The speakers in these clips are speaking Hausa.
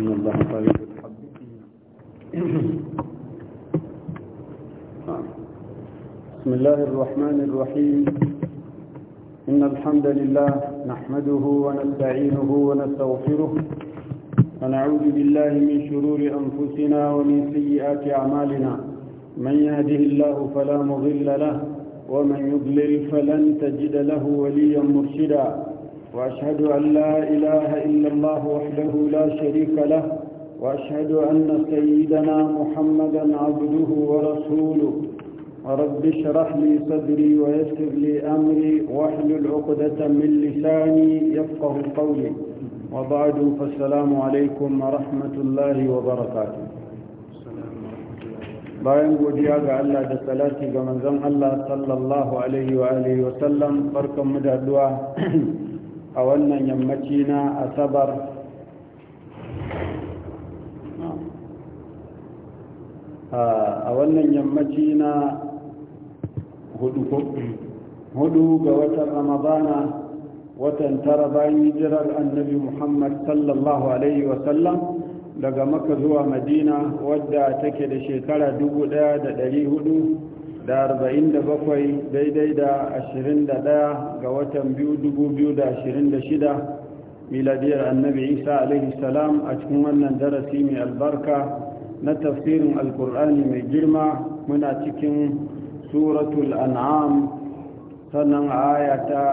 إن الله طيب بسم الله الرحمن الرحيم إن الحمد لله نحمده ونستعينه ونستغفره ونعوذ بالله من شرور أنفسنا ومن سيئات أعمالنا من يهده الله فلا مضل له ومن يضلل فلن تجد له وليا مرشدا وأشهد أن لا إله إلا الله وحده لا شريك له وأشهد أن سيدنا محمدا عبده ورسوله رب اشرح لي صدري ويسر لي أمري واحلل عقدة من لساني يفقه قولي وبعد فالسلام عليكم ورحمة الله وبركاته bayan godiya ga Allah da salati ga manzon Allah sallallahu alaihi wa alihi وسلم sallam barkan mu a wannan yammaci na asabar a wannan yammaci na hudu ga watan ramadana watan tara bayan hijirar annabi muhammad sallallahu alaihi wasallam daga maka zuwa madina wadda take da shekara 1400 da arba'in da bakwai daidai da ashirin da ɗaya ga watan biyu dubu biyu da ashirin da shida miladiyar annabi isa alaihi salam a cikin wannan darasi mai albarka na tafsirin alkur'ani mai girma muna cikin suratul an'am sannan aya ta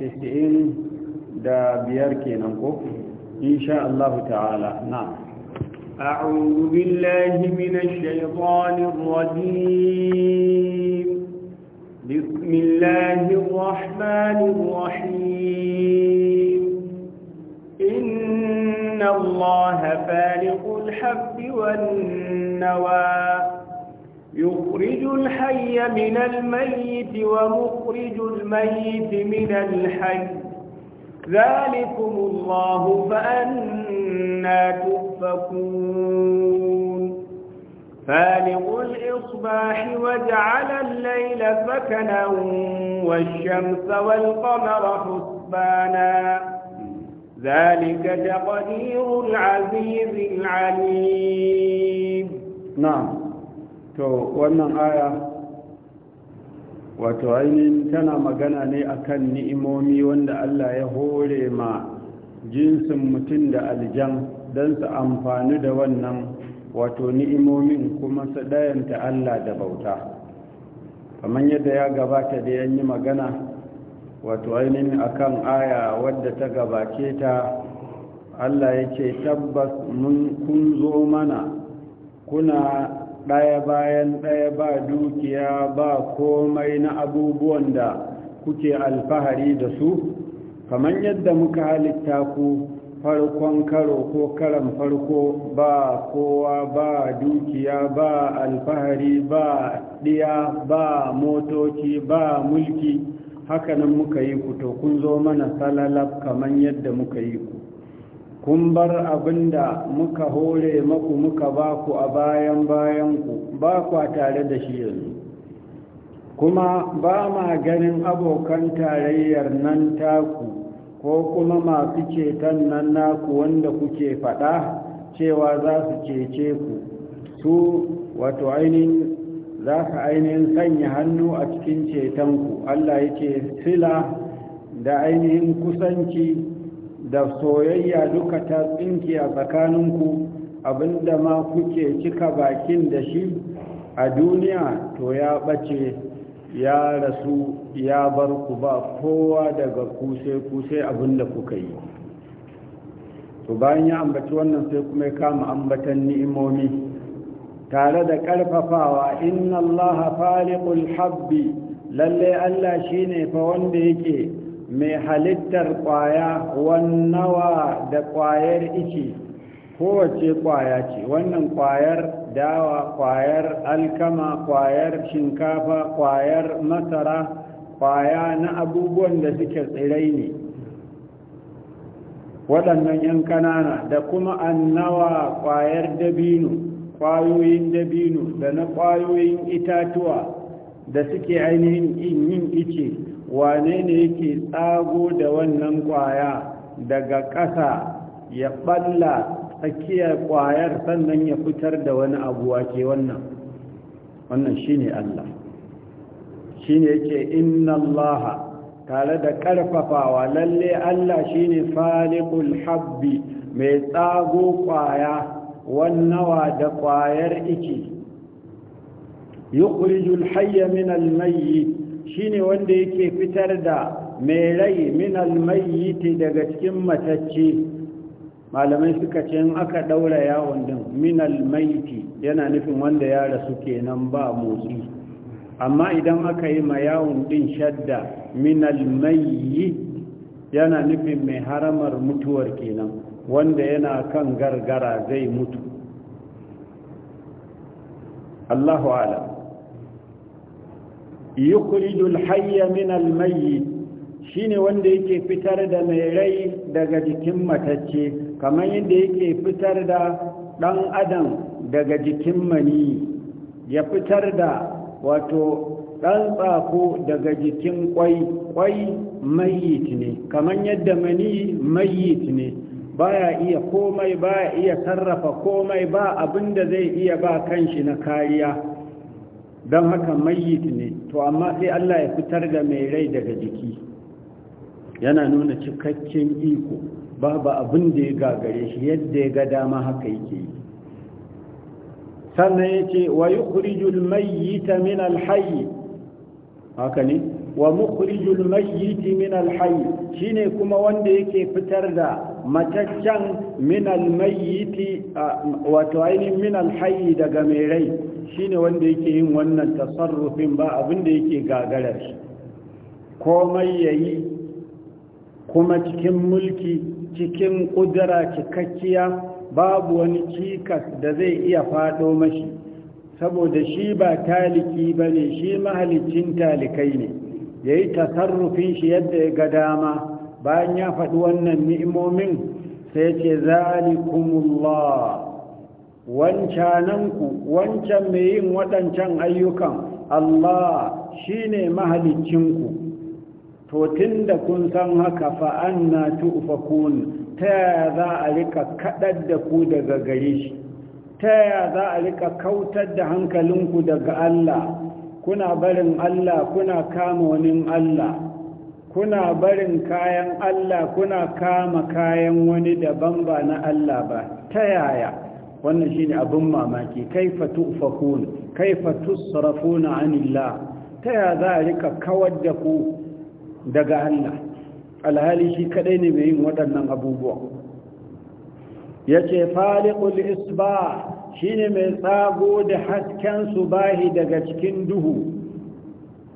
90 da biyar kenan ko insha ta'ala na'am أعوذ بالله من الشيطان الرجيم بسم الله الرحمن الرحيم إن الله فالق الحب والنوى يخرج الحي من الميت ومخرج الميت من الحي ذلكم الله فأنا تؤمنون يؤفكون فالغ الإصباح وجعل الليل سكنا والشمس والقمر حسبانا ذلك تقدير العزيز العليم نعم تو ومن آية wato ainihin tana magana ne akan ni'imomi wanda Allah ya hore ma jinsin don su amfani da wannan wato ni'imomin kuma su ɗayanta Allah da bauta kamar yadda ya gabata da yanyi magana wato ainihin akan aya wadda ta gabace ta Allah ya ce tabbas mun kun zo mana kuna ɗaya bayan ɗaya ba dukiya ba komai na abubuwan da kuke alfahari da su kamar yadda muka halitta ku farkon karo ko karan farko ba kowa ba dukiya ba alfahari ba ɗiya ba motoci ba mulki hakanan muka yi ku to kun zo mana salalaf kaman yadda muka yi ku kun bar abinda muka hore maku muka ba ku a bayan bayan ku ba a tare da shi yanzu kuma ba ma ganin abokan tarayyar nan taku ko kuma masu ceton nan naku wanda kuke faɗa cewa za su cece ku su wato ainihin za su ainihin sanya hannu a cikin cetonku allah ya ce sila da ainihin kusanci da soyayya duka ta tsinki a tsakaninku abinda ma kuke cika bakin da shi a duniya to ya ɓace ya rasu ya bar ku ba kowa daga kuse kuse abin da kuka yi to bayan ya ambaci wannan sai kuma ya kama ambatan ni'imomi tare da karfafawa inna allaha faliqul habbi lalle allah shine fa wanda yake mai halittar ƙwaya wannawa da kwayar ice kowace ƙwaya ce wannan ƙwayar dawa kwayar alkama kwayar shinkafa kwayar masara kwaya na abubuwan da suke tsirai ne waɗannan 'yan kanana da kuma annawa kwayar dabino kwayoyin dabino da na kwayoyin itatuwa da suke ainihin yin ice wane ne yake tsago da wannan kwaya daga ƙasa ya ɓalla tsakiyar kwayar sannan ya fitar da wani abu ke wannan wannan shine Allah shine yake inna Allah tare da karfafawa lalle Allah shine faliqul habbi mai tsago kwaya wannawa da kwayar iki yukhrijul hayya min al-mayyit shine wanda yake fitar da mai rai min al-mayyit daga cikin matacce malamai suka ce in aka daura yawon din minal maiti yana nufin wanda ya rasu kenan ba motsi amma idan aka yi ma yawon din shadda minal mayi yana nufin mai haramar mutuwar kenan wanda yana kan gargara zai mutu Allahu alam yukhrijul hayya minal mayyit shine wanda yake fitar da mai rai daga jikin matacce kamar yadda yake fitar da ɗan adam daga jikin mani ya fitar da wato ɗan tsako daga jikin ƙwai ƙwai mayit ne kamar yadda mani mayit ne baya iya komai baya iya sarrafa komai ba abin da zai iya ba kanshi na kariya don haka mayit ne to amma sai Allah ya fitar da mai rai daga jiki yana nuna cikakken iko babu abin da ya gagare shi yadda ya ga dama haka yake yi sannan ya ce wa yi kurijul ta min alhayi haka ne wa mu yi ta min alhayi ne kuma wanda yake fitar da mataccen min ta wato ainihin min alhayi daga mai rai shi ne wanda yake yin wannan tasarrufin ba abin da yake gagarar shi komai yayi kuma cikin mulki cikin ƙudura cikakkiya babu wani cikas da zai iya faɗo mashi saboda shi ba taliki ba ne shi mahalicin talikai ne ya yi tasarrufin shi yadda ya ga dama bayan ya faɗi wannan ni'imomin sai ce zalikumullah wancananku wancan mai yin waɗancan ayyukan Allah shine ne mahalicinku to tun da kun san haka fa'an na tu'ufakun ta yaya za a rika kaɗar da ku daga gare shi ta yaya za a rika kautar da hankalinku daga Allah kuna barin Allah kuna kama wani Allah kuna barin kayan Allah kuna kama kayan wani daban ba na Allah ba ta yaya wannan ne abin mamaki kaifa tu'fakun kaifa tusrafuna anillah ta yaya za a rika kawar da ku daga Allah alhali shi kadai ne mai yin waɗannan abubuwa ya ce faliƙul isba shi ne mai tsago da hasken subahi daga cikin duhu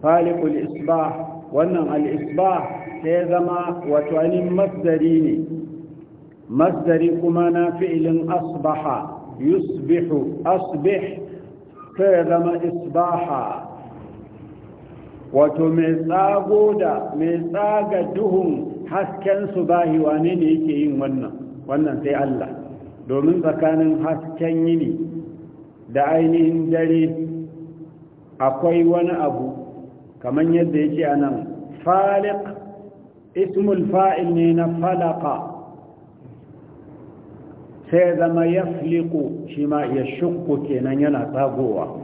faliƙul isba wannan al'isba sai zama wato ani masdari ne masdari kuma na fi'ilin asbaha yusbihu asbih sai zama isbaha wato mai tsago da mai tsaga duhun hasken su bahi wane ne yake yin wannan wannan sai Allah domin tsakanin hasken yini da ainihin dare akwai wani abu kamar yadda yake a nan falik ismul fa'il ne na falaka sai zama ya fliku shi ma ya shukku kenan yana tsagowa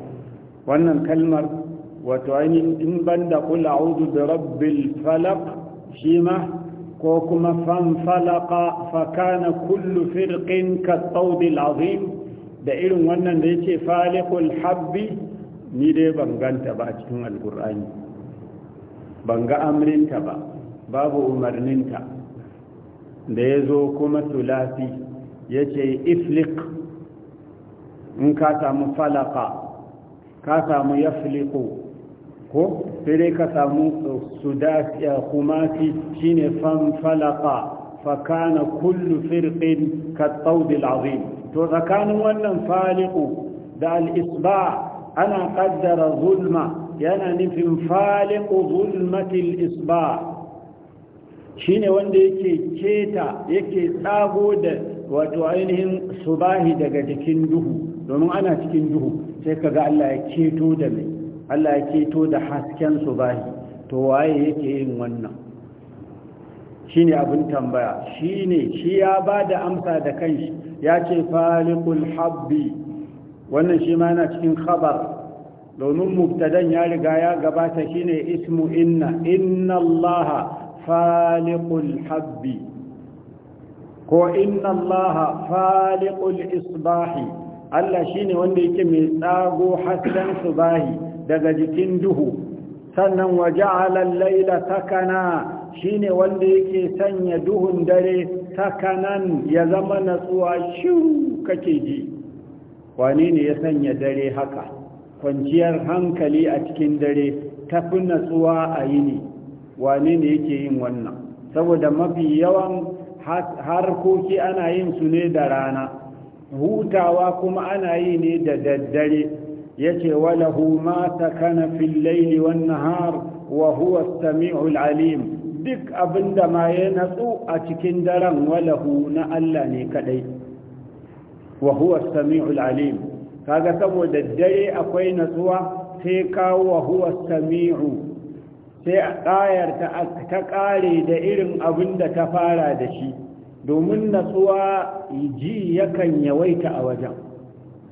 wannan kalmar wato ainihin in banda kula audu da rabbil falak shi ma ko kuma fan falaka fakana kullu firqin ka tsaudil azim da irin wannan da ce falikul habbi ni dai ban ba a cikin alkur'ani ban ga amrinta ba babu umarninta da ya zo kuma tulafi ya ce iflik in ka samu falaka ka samu yafliku ko sai ka samu eh, sudasiya kumasi shine fanfalaka fakana kullu firqin kattaudil azim to tsakanin wannan faliku da al-isba ana kaddara zulma yana nufin faliku zulmatil isba shine wanda yake keta yake tsago da wato ainihin subahi daga jikin duhu domin ana cikin duhu sai ka ga Allah ya keto da mai Allah ya ceto da hasken subahi to waye yake yin wannan shine abin tambaya shine shi ya bada amsa da kanshi ya ce faliqul habbi wannan shi ma yana cikin khabar domin mubtadan ya riga ya gabata shine ismu inna inna allaha faliqul habbi ko inna allaha faliqul isbahi Allah shine wanda yake mai tsago hasken subahi daga jikin duhu sannan waje laila sakana shine wanda yake sanya duhun dare sakanan ya zama natsuwa shiru kake ji wane ne ya sanya dare haka kwanciyar hankali a cikin dare tafi natsuwa a yini wane ne yake yin wannan saboda mafi yawan harkoki ana yin su ne da rana hutawa kuma ana yi ne da daddare yace walahu ma sakana fil layli wan nahar wa huwa as alim duk abinda ma ya natsu a cikin daren walahu na Allah ne kadai wa huwa as-sami'ul alim kaga saboda dare akwai natsuwa sai kawo wa huwa samiu sai a ta kare da irin abinda ta fara da shi domin natsuwa ji yakan yawaita a wajen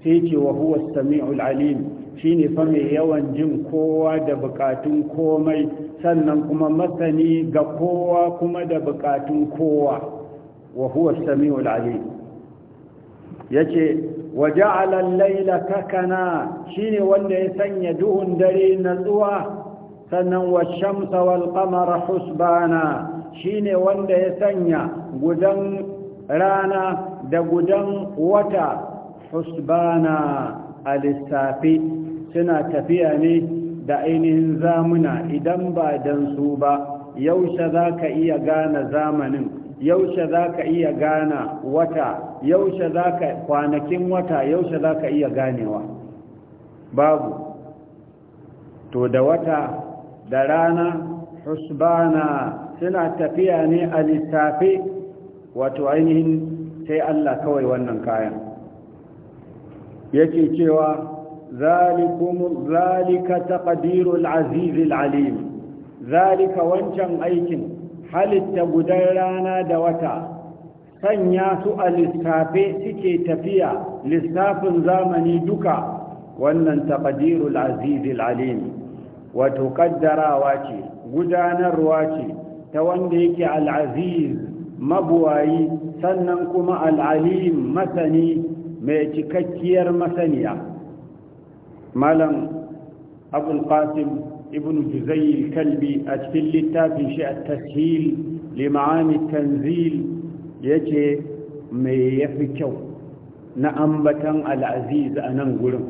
sai ce wa huwa sami'ul alim shine fa mai yawan jin kowa da bukatun komai sannan kuma masani ga kowa kuma da bukatun kowa wa huwa sami'ul alim yace wa ja'ala al-layla sakana shine wanda ya sanya duhun dare natsuwa sannan wa shamsa wal qamara husbana shine wanda ya sanya gudan rana da gudan wata husbana a lissafi suna tafiya ne da ainihin zamuna idan ba dansu su ba yaushe za ka iya gane zamanin yaushe za ka iya gane wata yaushe za ka kwanakin wata yaushe za ka iya ganewa babu to da wata da rana husbana suna tafiya ne a lissafi wato ainihin sai Allah kawai wannan kayan yake cewa zalikum zalika taqdirul azizil alim zalika wancan aikin halitta gudan rana da wata sanya su a lissafe suke tafiya lissafin zamani duka wannan taqdirul azizil alim wato kaddarawa ce gudanarwa ce ta wanda yake al mabuwayi sannan kuma al masani mai cikakkiyar masaniya malam abul qasim ibn juzayy kalbi a cikin littafin shi a tashil li ma'ani ya ce mai yafi kyau na ambatan al'aziz a nan gurin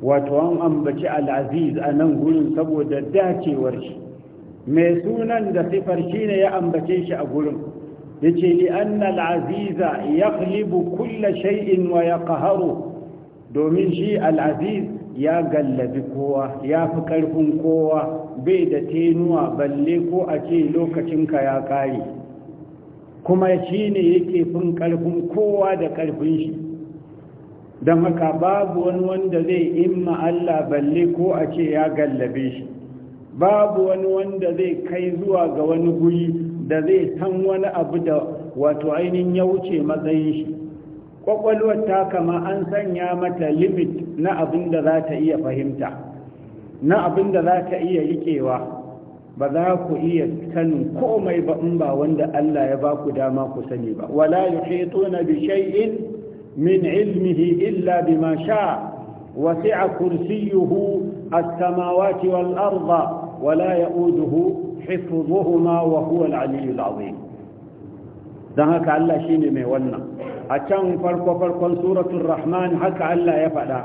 wato an ambaci al'aziz a nan gurin saboda dacewar shi mai sunan da sifar ne ya ambace shi a gurin yace li anna al-aziza yaghlibu kulla shay'in wa yaqharu domin shi al-aziz ya gallabi kowa ya fi karfin kowa bai da tenuwa balle ko a ce lokacinka ya kare kuma shi ne yake fin karfin kowa da karfin shi don haka babu wani wanda zai imma Allah balle ko a ce ya gallabe shi babu wani wanda zai kai zuwa ga wani guri da zai san wani abu da wato ainihin ya wuce matsayin shi kwakwalwar ta kama an sanya mata limit na abin da za ta iya fahimta na abin da za ta iya rikewa ba za ku iya sanin komai ba in ba wanda Allah ya ba ku dama ku sani ba wala yuhituna bi shay'in min ilmihi illa bima sha wasi'a kursiyuhu as-samawati wal arda wala ya'uduhu حفظهما وهو العلي العظيم dan haka Allah shine mai wannan a can farko farkon suratun rahman haka Allah ya faɗa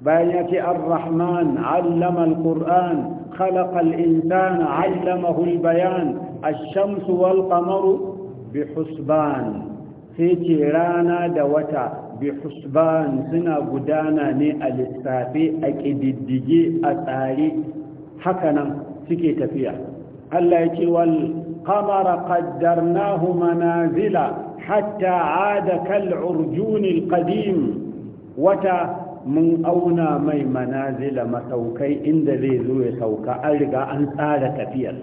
bayan ya ce ar-rahman allama al-qur'an khalaqa al-insana shamsu wal-qamaru bihusban sai ce rana da wata bihusban suna gudana ne a lissafe a ƙididdige a tsare hakanan nan suke tafiya Allah ya ce wal qamara qaddarnahu manazila hatta aada kal urjuni qadim wata mun auna mai manazila masaukai inda zai zo ya sauka an riga an tsara tafiyar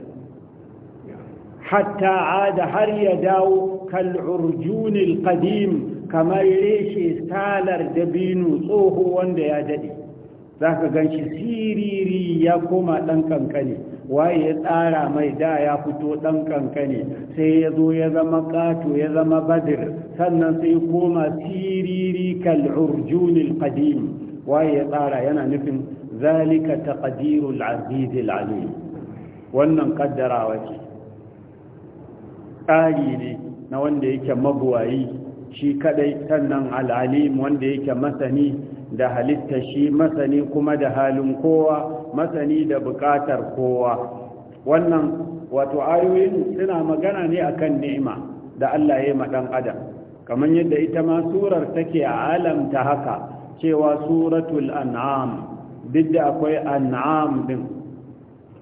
hatta ada har ya dawo kal urjunil qadim kamar reshe salar dabino tsoho wanda ya dade zaka ganshi siriri ya koma dan kankani. waye ya tsara mai da ya fito dan kankane sai ya zo ya zama kato ya zama badir sannan sai koma siriri kal'urjunil qadim waye ya tsara yana nufin zalika taqdirul al alim wannan kaddara tsari ne na wanda yake magwayi shi kadai sannan alim wanda yake masani da halitta shi masani kuma da halin kowa masani da buƙatar kowa wannan wato ayoyin suna magana ne akan ni'ima da Allah ya yi ɗan adam kamar yadda ita ma surar take alamta haka cewa suratul an'am duk da akwai an'am din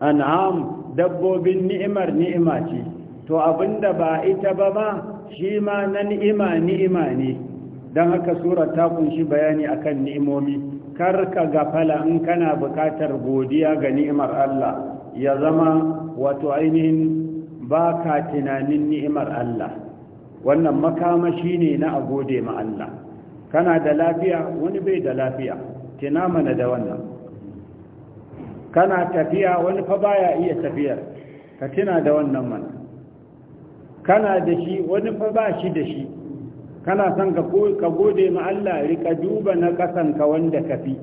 an'am dabbobin ni'imar ni'ima ce to abinda ba ita ba ma shi ma na ni'ima ni'ima ne don haka surar ta kunshi bayani akan ni'imomi kar ka gafala in kana bukatar godiya ga ni'imar Allah ya zama wato ainihin ba ka tunanin ni'imar Allah wannan makamashi ne na a gode ma Allah kana da lafiya wani bai da lafiya Tuna mana da wannan kana tafiya wani fa baya iya tafiyar ka tuna da wannan mana kana da shi wani fa ba shi da shi kana son ka gode ma Allah rika duba na kasan wanda ka fi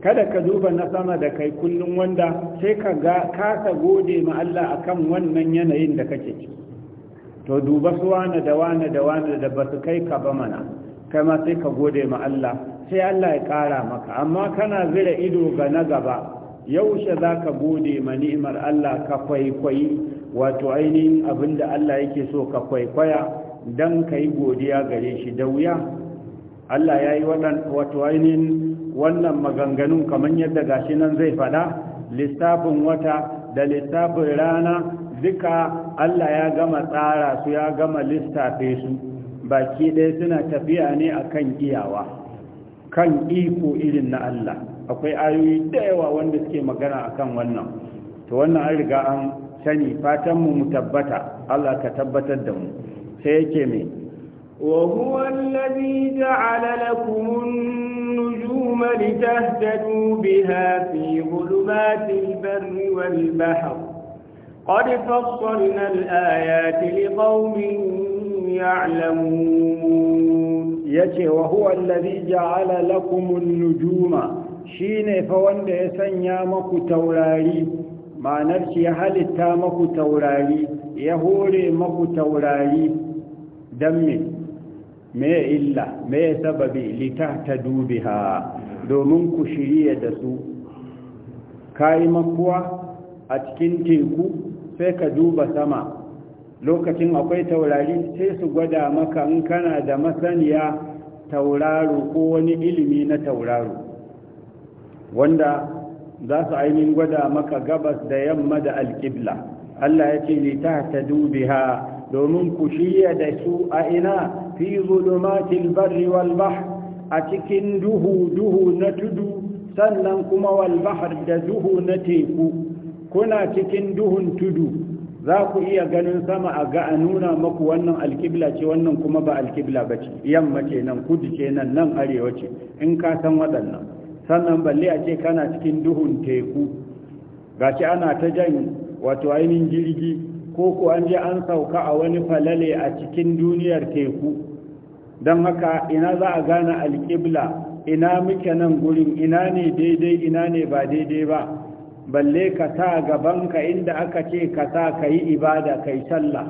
kada ka duba na sama da kai kullum wanda sai ka ga kasa gode ma Allah akan wannan yanayin da kake ci to duba su wane da wane da wane da ba su kai ka ba mana kai ma sai ka gode ma Allah sai Allah ya ƙara maka amma kana zira ido ga na gaba yaushe za ka gode ma ni'imar Allah ka kwaikwayi wato ainihin abin da Allah yake so ka kwaikwaya don ka yi godiya gare shi da wuya Allah ya yi wato ainihin wannan maganganun kamar yadda gashi nan zai fada lissafin wata da lissafin rana duka Allah ya gama tsara su ya gama lissafe su baki ɗaya suna tafiya ne a kan iyawa kan iko irin na Allah akwai ayoyi da yawa wanda suke magana akan wannan to wannan an riga an sani fatanmu mu tabbata Allah ka tabbatar da mu سيكي وهو الذي جعل لكم النجوم لتهتدوا بها في ظلمات البر والبحر قد فصلنا الآيات لقوم يعلمون يتي وهو الذي جعل لكم النجوم شين فوند يسنيا يامك توراري ما نفسي هل التامك توراري يهوري مك توراري don me ya illa me sababi lita ta dubiha domin ku shirya da su kayi makuwa a cikin teku sai ka duba sama lokacin akwai taurari sai su gwada maka in kana da masaniya tauraro ko wani ilimi na tauraro wanda za su ainihin gwada maka gabas da yamma da alƙibla Allah ya ce lita ta ta dubiha domin ku shirya da su a ina fi zulumatil barri wal bahr a cikin duhu duhu na tudu sannan kuma wal bahr da duhu na teku kuna cikin duhun tudu za ku iya ganin sama a ga a nuna maku wannan alkibla ce wannan kuma ba alkibla ba yamma ce nan kudu ce nan nan arewa ce in ka san waɗannan sannan balle a ce kana cikin duhun teku gashi ana ta jan wato ainihin jirgi ko ko an je an sauka a wani falale a cikin duniyar teku don haka ina za a gane alƙibla ina muke nan gurin ina ne daidai ina ne ba daidai ba balle ka sa gabanka inda aka ce ka sa ka yi ibada kai sallah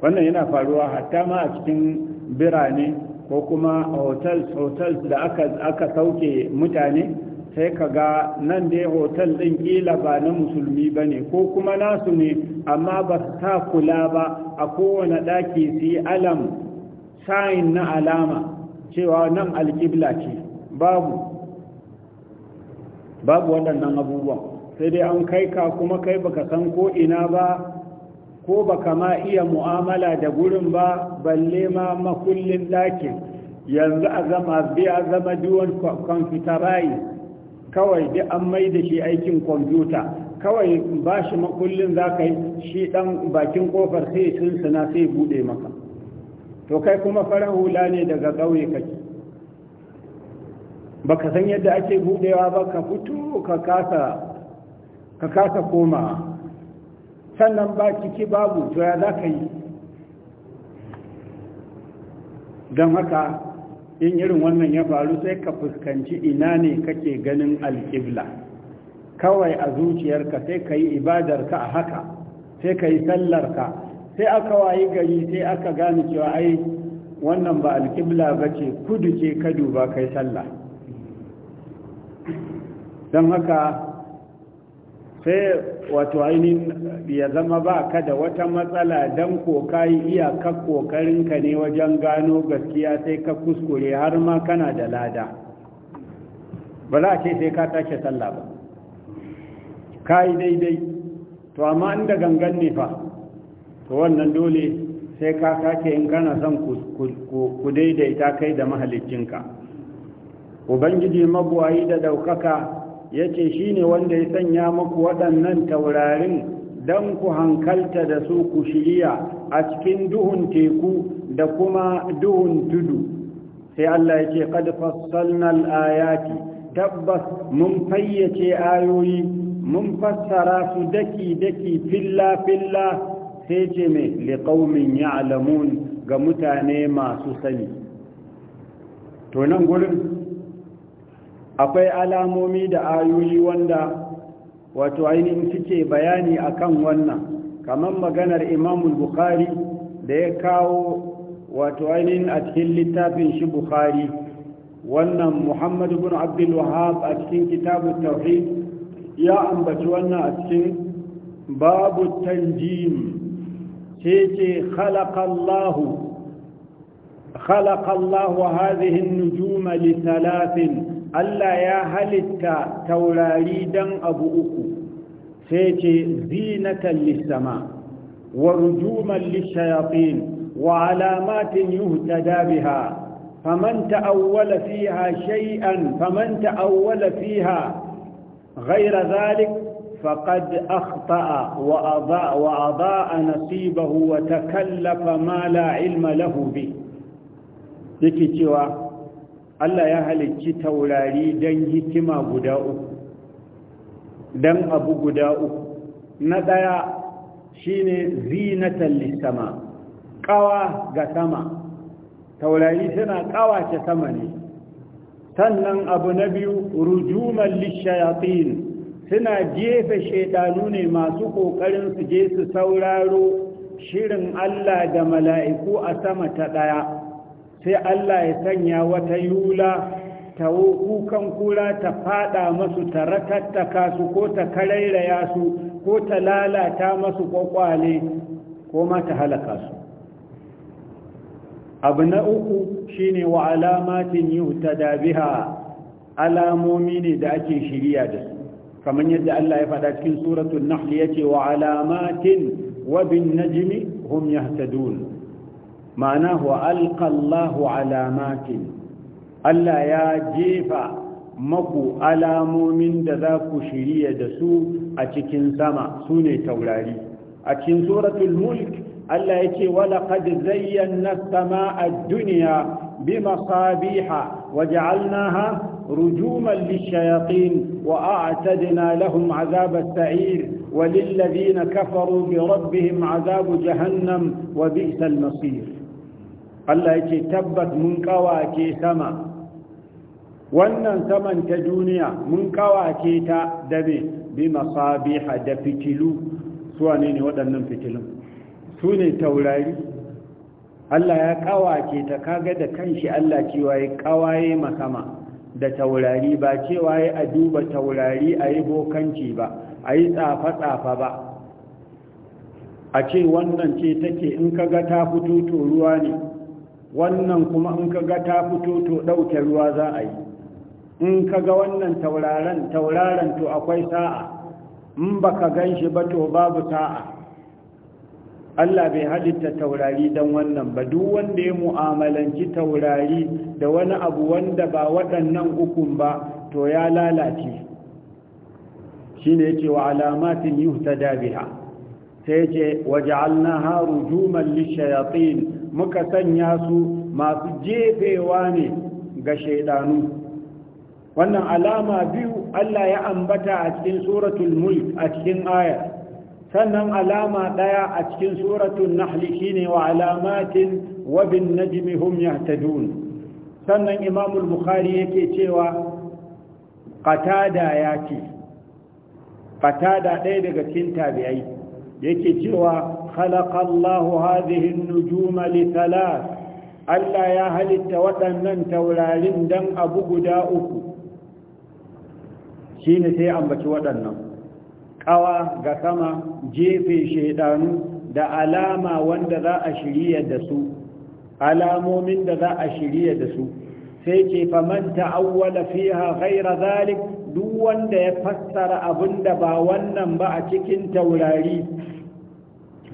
wannan yana faruwa hatta ma a cikin birane ko kuma hotels hotels da aka, aka sauke mutane sai ka ga nan dai hotel ɗin ƙila ba na musulmi ba ne ko kuma nasu ne amma ba su ta kula ba a kowane ɗaki su yi alam sayin na alama cewa nan alƙibla ce babu babu waɗannan abubuwan sai dai an kai ka kuma kai baka san ko ina ba ko baka ma iya mu'amala da gurin ba balle ma makullin ɗakin yanzu a zama biya zama duwan kwamfutarai kawai bi an mai da shi aikin kwamfuta kawai ba shi makullin za ka yi shi ɗan bakin ƙofar sai suna sai buɗe maka to kai kuma farar hula ne daga ƙauye kake ba ka san yadda ake buɗewa ba ka fito ka kasa koma sannan ba ciki babu to ya za ka yi don haka in irin wannan ya faru sai ka fuskanci ina ne kake ganin alƙibla kawai a zuciyarka sai ka yi ibadarka a haka sai ka yi sallarka sai aka wayi gari sai aka gane cewa ai wannan ba alƙibla ba ce kudu ce ka duba kai sallah don haka sai wato ainihin ya zama ba ka da wata matsala don ko ka yi iyaka ƙoƙarinka ne wajen gano gaskiya sai ka kuskure har ma kana da lada ba za a ce sai ka tashi sallah ba ka yi daidai to amma inda gangan ne fa to wannan dole sai ka sake in kana son ku daidaita kai da mahaliccinka. ubangiji mabuwayi da ɗaukaka ya ce shi ne wanda ya sanya muku waɗannan taurarin don ku hankalta da su ku shirya a cikin duhun teku da kuma duhun tudu sai Allah ya ce kad ayati tabbas mun fayyace ayoyi mun fassara su daki daki filla filla sai ce mai ya alamun ga mutane masu sani to nan gurin akwai alamomi da ayoyi wanda wato ainihin suke bayani akan wannan kamar maganar imamul bukhari da ya kawo wato ainihin a cikin littafin shi bukhari wannan muhammadu bin abdul wahab a cikin kitabu tauhid ya ambaci wannan a cikin babu tanjim Ce ce khalaqa Allahu hadhihi an-nujuma li thalathin Allah ya halitta taurari dan abu uku sai ce zinatan lissama wa rujuman lishayatin wa alamatin yuhtada biha faman fiha shay'an faman تأول fiha ghayra dhalik faqad فيها wa ذلك wa أخطأ وأضاء, wa takallafa ma la ilma lahu bi yake cewa Allah ya halicci taurari don hikima guda uku don abu guda uku na ɗaya shi ne zinatan lissama ƙawa ga sama taurari suna ƙawace sama ne sannan abu na biyu rujumar lishayatin suna jefe shaidanu ne masu ƙoƙarin su je su sauraro shirin Allah da mala'iku a sama ta ɗaya sai Allah ya sanya wata yula ta kukan kura ta fada masu ta ratattaka su ko ta karairaya su ko ta lalata masu kwakwale ko ma ta halaka su abu na uku shine wa alamatin yuhtada biha alamomi ne da ake shirya da su kamar yadda Allah ya faɗa cikin suratul nahl yace wa alamatin wa bin najmi hum yahtadun معناه القى الله علامات الا يا جيفا مكو على مؤمن ذا ذاك شريه دسو اчкин سما سوني توراري اчкин سوره الملك الله يكي ولقد زينا السماء الدنيا بمصابيح وجعلناها رجوما للشياطين واعتدنا لهم عذاب السعير وللذين كفروا بربهم عذاب جهنم وبئس المصير Allah ya ce tabbat mun kawace sama wannan saman ta duniya mun kawace ta da me bi masabiha da fitilu su wane ne waɗannan fitilun su ne taurari Allah ya kawace ta kaga da kanshi Allah cewa ya kawaye masama da taurari ba cewa ya a duba taurari a yi bokanci ba a yi tsafa-tsafa ba a ce wannan ce take in kaga ta fito to ruwa ne wannan kuma in ka ga ta fito to ɗauke ruwa za a yi in ka ga wannan tauraron tauraron to akwai sa'a in ba ka gan shi ba to babu sa'a Allah bai halitta taurari don wannan ba duk wanda ya mu'amalanci taurari da wani abu wanda ba waɗannan ukun ba to ya lalace shi ne ce wa alamatin yuhtada biha sai ce waja'alna ha rujuman lishayatin muka sanya su masu jefewa ne ga shaidanu wannan alama biyu Allah ya ambata a cikin suratul mulk a cikin aya sannan alama daya a cikin suratul nahl shine wa alamatin wa bin najmi hum yahtadun sannan imam al-bukhari yake cewa qatada ya qatada ɗaya daga cikin tabi'ai yake cewa خلق الله هذه النجوم لثلاث ألا يا هل التوتنن تولالين دم أبو قداؤك شين waɗannan. Ƙawa ga قسما جيفي شيطان da alama wanda za a shirya da su alamomin da za a shirya da su sai ce faman ta'awwala fiha ghaira zalik duk wanda ya fassara da ba wannan ba a cikin taurari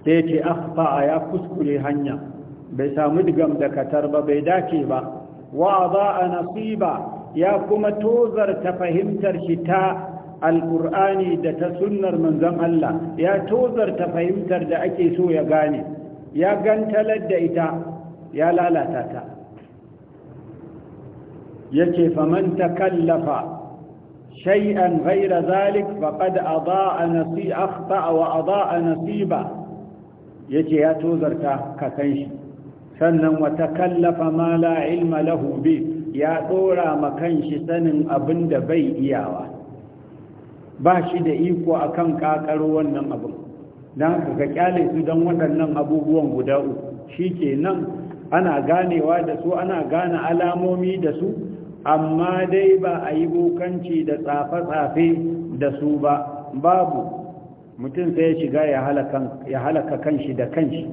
sai ce akhfa ya kuskure hanya bai samu digam da katar ba bai dace ba wa a nasiba ya kuma tozar ta fahimtar shi ta alkur'ani da ta sunnar manzon Allah ya tozar ta fahimtar da ake so ya gane ya gantalar da ita ya lalata ta yace faman takallafa shay'an ghayra zalik faqad adaa nasi akhta wa adaa nasiba yace ya tozarta kakan shi sannan wata kallafa ma la ilma ya dora ma shi sanin abin da bai iyawa ba shi da iko akan kakaro wannan abin don ka kyale su don waɗannan abubuwan guda uku shikenan ana ganewa da su ana gane alamomi da su amma dai ba a yi bokanci da tsafe-tsafe da su ba babu mutum sai ya shiga ya halaka kanshi da kanshi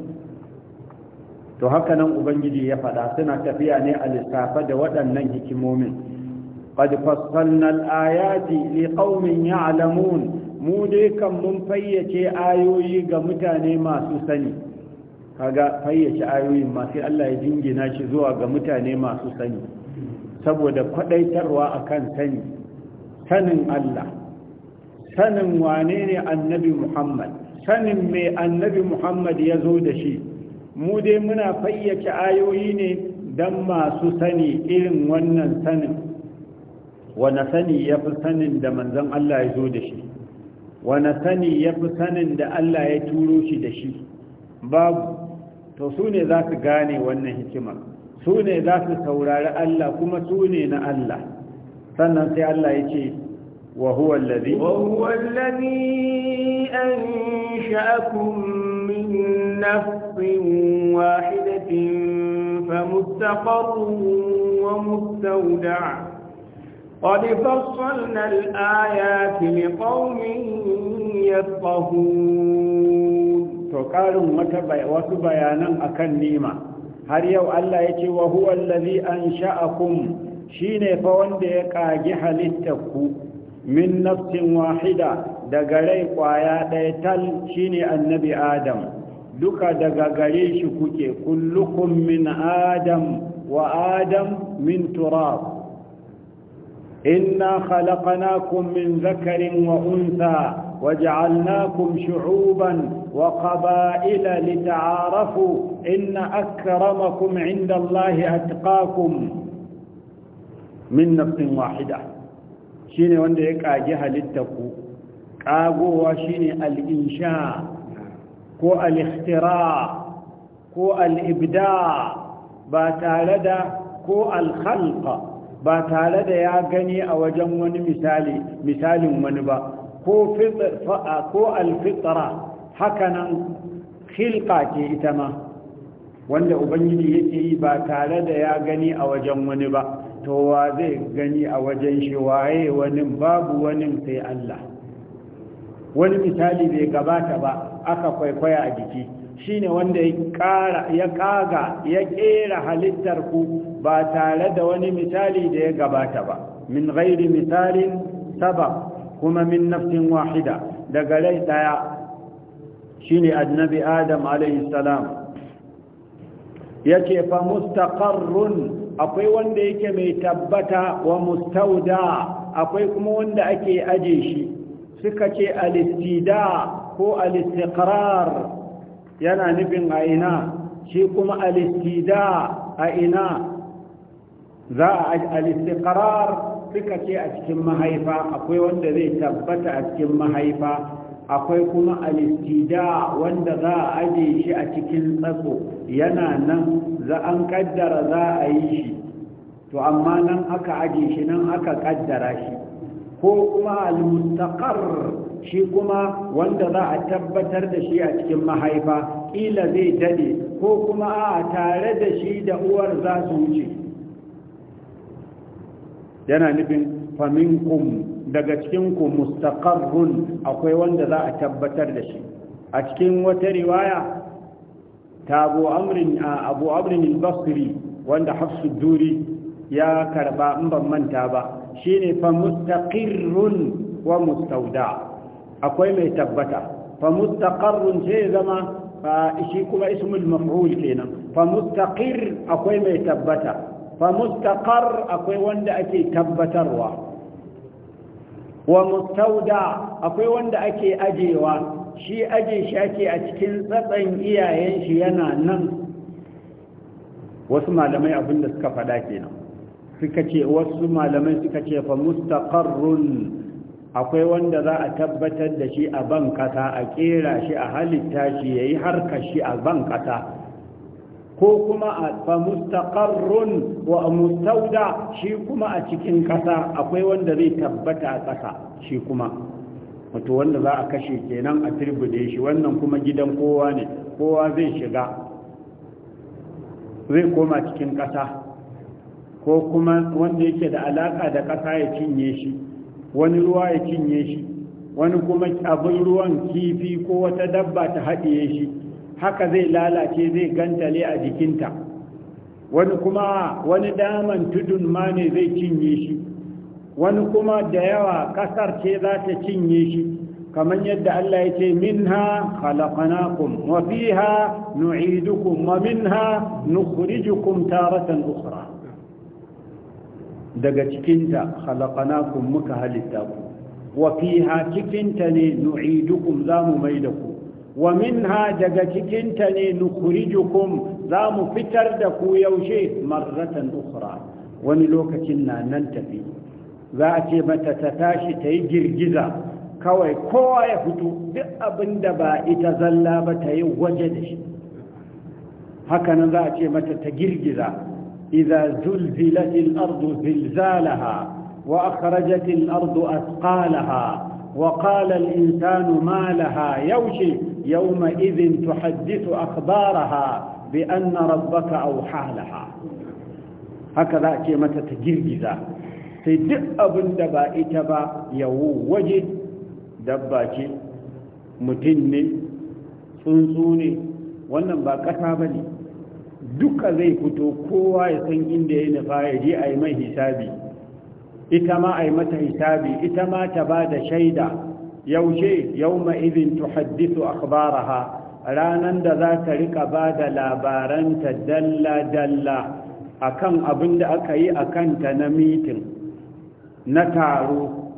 to haka nan ubangiji ya faɗa suna tafiya ne a lissafa da waɗannan hikimomin qad fassalna al-ayati li qaumin ya'lamun mu dai kan mun fayyace ayoyi ga mutane masu sani kaga fayyace ayoyin ma sai Allah ya jingina shi zuwa ga mutane masu sani saboda kwadaitarwa akan sani sanin Allah sanin wane ne annabi muhammad sanin mai annabi muhammad ya zo da shi mu dai muna fayyace ayoyi ne don masu sani irin wannan sanin wane sani ya fi sanin da manzon allah ya zo da shi wane sani ya fi sanin da allah ya turo shi da shi babu to su ne za su gane wannan hikimar su ne za su saurari allah kuma su ne na allah sannan sai allah ya ce وهو الذي وهو الذي أنشأكم من نفس واحدة فمستقر ومستودع قد فصلنا الآيات لقوم يفقهون تقالوا متى وسبيانا أكن نيمة har yau Allah ya ce wa huwa allazi ansha'akum shine fa wanda ya halittar ku من نفس واحدة دغري قايا ديتل شيني النبي آدم دكا دغري شكوكي كلكم من آدم وآدم من تراب إنا خلقناكم من ذكر وأنثى وجعلناكم شعوبا وقبائل لتعارفوا إن أكرمكم عند الله أتقاكم من نفس واحدة shine wanda ya kage halitta ku kagowa shine al-insha ko al-ikhtira ko al-ibda ba tare da ko al-khalqa ba tare da ya gani a wajen wani misali misalin wani ba ko fitr ko al-fitra hakanan khilqa ke ita ma wanda ubangiji yake yi ba tare da ya gani a wajen wani ba to wa zai gani a wajen shi waye wani babu wani sai Allah wani misali bai gabata ba aka kwaikwaya a jiki shine wanda ya kaga ya kera halittar ku ba tare da wani misali da ya gabata ba min ghairi misalin sabab kuma min nafsin wahida daga rai daya ne annabi adam alayhi ya yace fa mustaqarrun akwai wanda yake mai tabbata wa mustauda akwai kuma wanda ake aje shi suka ce alistida ko alistiqrar yana nufin a ina shi kuma alistida a ina za a alistiqrar suka ce a cikin mahaifa akwai wanda zai tabbata a cikin mahaifa akwai kuma alistida wanda za a aje shi a cikin tsatso yana nan za an kaddara za a yi shi to amma nan aka aje shi nan aka kaddara shi ko kuma almustaqar shi kuma wanda za a tabbatar da shi a cikin mahaifa ƙila zai daɗe, ko kuma a tare da shi da uwar za su wuce yana nufin faminkum daga cikin ku mustaqarrun akwai wanda za a tabbatar da shi a cikin wata riwaya ta Abu Amrin Abu Amrin al-Basri wanda Hafsu Duri ya karba in ban manta ba shine fa mustaqirrun wa mustawda akwai mai tabbata fa mustaqarrun sai zama shi kuma ismul maf'ul kenan fa mustaqir akwai mai tabbata fa mustaqar akwai wanda ake tabbatarwa wa mustauda akwai wanda ake ajewa shi aje shi ake a cikin tsatsan iyayen shi yana nan wasu malamai abin da suka faɗa kenan suka ce wasu malamai suka ce fa mustaqarrun akwai wanda za a tabbatar da shi a ban a kera shi a halitta shi yayi harkar shi a ban ko kuma a fa mustaqarrun wa mustawda shi kuma a cikin kasa akwai wanda zai tabbata a kasa shi kuma wato wanda za a kashe kenan a turbude shi wannan kuma gidan kowa ne kowa zai shiga zai koma cikin kasa ko kuma wanda yake da alaka da kasa ya cinye shi wani ruwa ya cinye shi wani kuma abin ruwan kifi ko wata dabba ta haɗiye shi haka zai lalace zai gantale a jikinta wani kuma wani daman tudun ma ne zai cinye shi wani kuma da yawa kasar ce za ta cinye shi kamar yadda Allah ya ce minha khalaqnakum wa fiha nu'idukum wa minha nukhrijukum taratan ukhra daga cikinta khalaqnakum muka halitta ku wa fiha cikinta ne nu'idukum zamu maida ku ومنها جاكيكين تاني نخرجكم ذام فتر دكو يوشي مرة أخرى ونلوك كنا ننتفي ذاتي متى تتاشي تاي جرجزا كوي كوي هتو بأبن دبا إتزلا بتاي وجدش هكنا ذاتي متى تجرجزا إذا زلزلت الأرض زلزالها وأخرجت الأرض أثقالها وقال الإنسان ما لها يوشي يومئذ تحدث أخبارها بأن ربك أوحى لها هكذا كلمة تجرجزة تدق أبن دبا إتبا mutum ne, متن ne. wannan ba ƙasa ba ne duka zai fito kowa ya san inda ya nufa ya je a yi mai hisabi ita ma a yi mata hisabi ita ma ta ba da shaida yaushe yawma idin haddisu akhbaraha ranan da za ta rika ba da labaranta dalla-dalla akan abin da aka yi a kanta na mitin na taro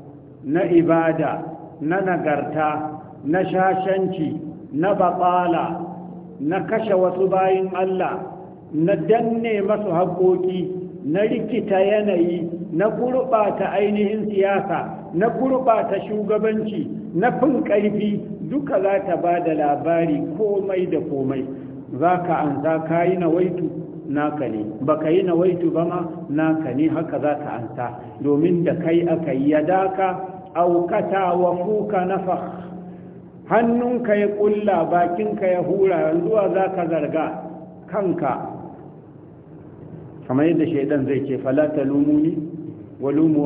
na ibada na nagarta na shashanci na baƙala, na kashe wasu bayin Allah na danne masu haƙoƙi na rikita yanayi na gurɓata ainihin siyasa na gurɓata shugabanci na fin ƙarfi duka za ta ba da labari komai da komai za ka an za ka yi na waitu naka ne ba ka yi na waitu ba ma naka ne haka za ka an sa domin da kai aka yi ya daka aukata wa kuka na hannunka ya ƙulla bakinka ya hura yanzuwa za ka zarga kanka kamar yadda shaidan zai ce fala lumuni wa lumu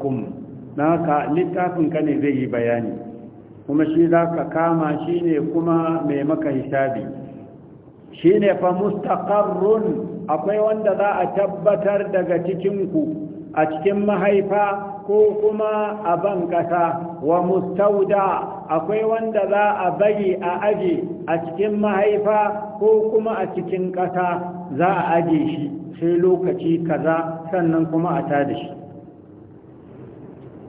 kuma na ka littafin ka ne zai yi bayani kuma shi za ka kama shi ne kuma mai maka hisabi shi ne fa mustaqarrun akwai wanda za a tabbatar daga cikinku a cikin mahaifa ko kuma a ban ƙasa wa mustauda akwai wanda za a bari a aje a cikin mahaifa ko kuma a cikin kasa za a aje shi sai lokaci kaza sannan kuma a tada shi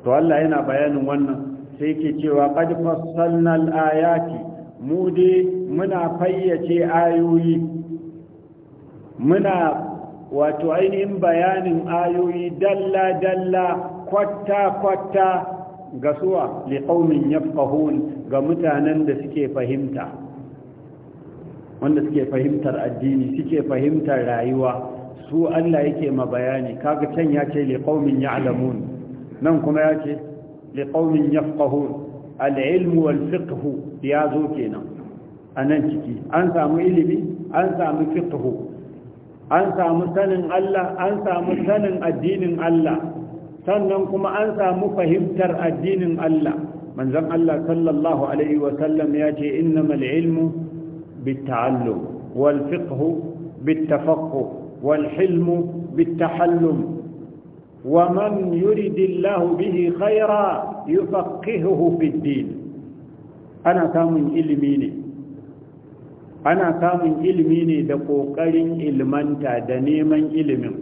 to Allah yana bayanin wannan sai yake cewa qad fassalna al-ayati mu dai muna fayyace ayoyi muna wato ainihin bayanin ayoyi dalla dalla kwatta kwatta ga suwa liqaumin yafqahun ga mutanen da suke fahimta wanda suke fahimtar addini suke fahimtar rayuwa su Allah yake ma bayani kaga can ya ce liqaumin ya'lamun nan kuma ya ce liqaumin yafqahun al-ilm wal fiqh ya zo kenan anan ciki an samu ilimi an samu fiqh an samu sanin Allah an samu sanin addinin Allah sannan kuma an samu fahimtar addinin Allah manzon Allah sallallahu alaihi wa sallam ya ce innamal ilmu bit ta'allum wal fiqh bit tafaqqu والحلم بالتحلم ومن يرد الله به خيرا يفقهه في الدين ana samun ilimi ne ana da ƙoƙarin ilmanta da neman ilimin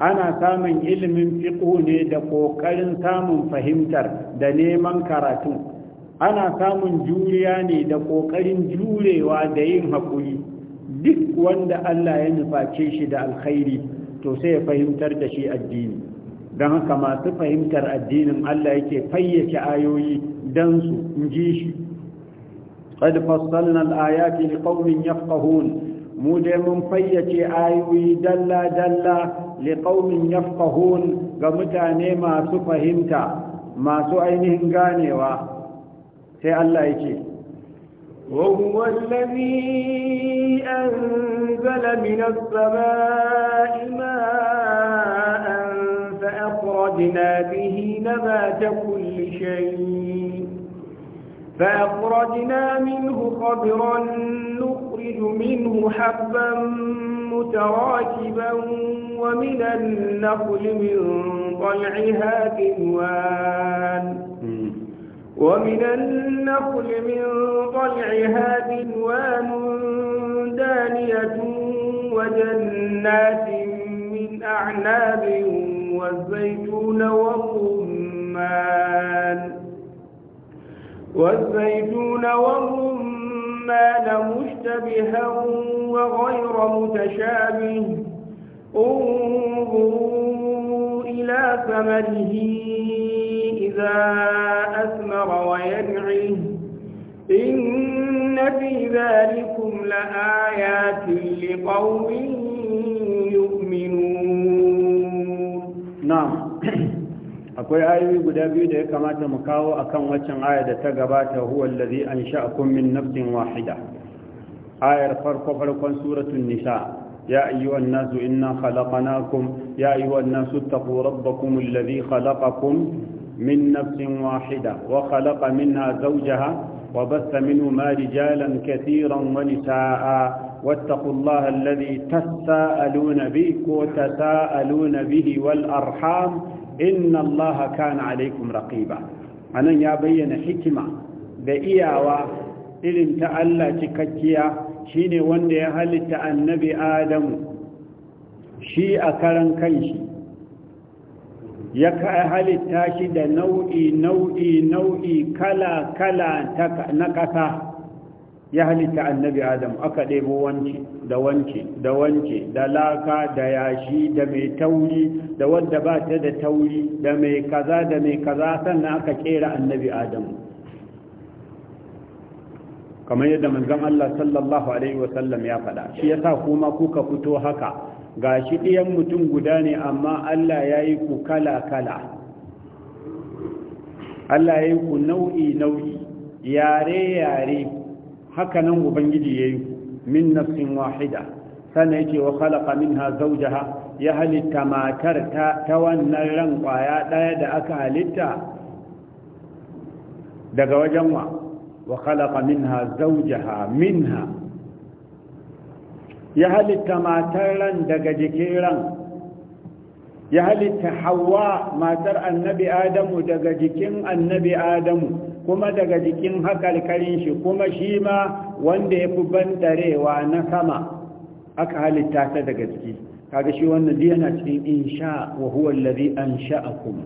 ana samun ilimin fiƙo ne da ƙoƙarin samun fahimtar da neman karatu ana samun juriya ne da ƙoƙarin jurewa da yin haƙuri duk wanda Allah ya nuface shi da alkhairi to sai ya fahimtar da shi addini don haka masu fahimtar addinin Allah yake fayyake ayoyi don su inji shi qad fassalna al-ayati liqaumin yafqahun mu dai mun fayyace ayoyi dalla dalla liqaumin yafqahun ga mutane masu fahimta masu ainihin ganewa sai Allah yake وهو الذي أنزل من السماء ماء فأخرجنا به نبات كل شيء فأخرجنا منه خضرا نخرج منه حبا متراكبا ومن النخل من طلعها كنوان ومن النخل من ضلعها بنوان دانية وجنات من أعناب والزيتون والرمان والزيتون والرمان مشتبها وغير متشابه انظروا إلى ثمره إذا أثمر وينعيه إن في ذلكم لآيات لقوم يؤمنون نعم akwai ayoyi guda biyu da ya kamata mu kawo akan waccan aya da ta gabata huwa allazi ansha'akum min nafsin wahida ayar farko farkon suratul nisa ya أيها nasu inna خلقناكم ya أيها nasu اتقوا ربكم الذي خلقكم من نفس واحدة وخلق منها زوجها وبث منهما رجالا كثيرا ونساء واتقوا الله الذي تساءلون به وتساءلون به والأرحام إن الله كان عليكم رقيبا أنا يا بين حكمة بإياوة إذن تألا تككيا شيني وندي هل النبي آدم شيء أكرا كنشي ya halitta shi da nau'i nau'i nau'i kala kala na ƙasa ya halitta annabi adam aka ɗebo wance da wance da wance da laka da yashi da mai tauri da wadda ba ta da tauri da mai kaza da mai kaza sannan aka kera annabi adam kamar yadda manzon Allah sallallahu alaihi wasallam ya faɗa shi yasa kuma kuka fito haka ga shi ɗiyan mutum guda ne amma Allah ya yi ku kala-kala Allah ya yi ku nau'i-nau'i yare-yare haka nan Ubangiji ya yi min nafsin wahida sannan yake wa khalaqa minha zawjaha ya halitta matar ta wannan ran kwaya ɗaya da aka halitta daga wajen wa wa khalaqa zaujaha min ha? ya halitta matar ran daga jikin ran ya halitta hawa matar annabi adamu daga jikin annabi adamu kuma daga jikin hakalkarin shi kuma shi ma wanda ya fi bandarewa na sama aka halitta ta daga jiki kaga shi wannan yana cikin insha wa huwa allazi ansha'akum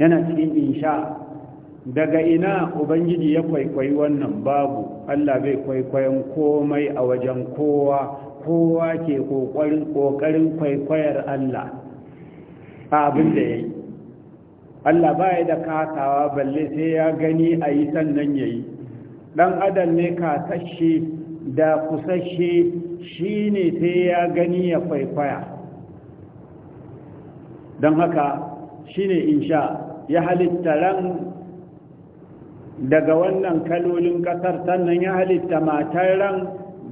yana cikin insha daga ina ubangiji ya kwaikwayi wannan babu allah bai kwaikwayon komai a wajen kowa kowa ke kokarin kwaikwayar allah a abin da ya yi allah baya da katawa balle sai ya gani a yi sannan ya yi ɗan adam ne kasashe da kusashe shine ne sai ya gani ya kwaikwaya don haka shine ne insha ya halitta ran daga wannan kalolin kasar sannan ya halitta matar ran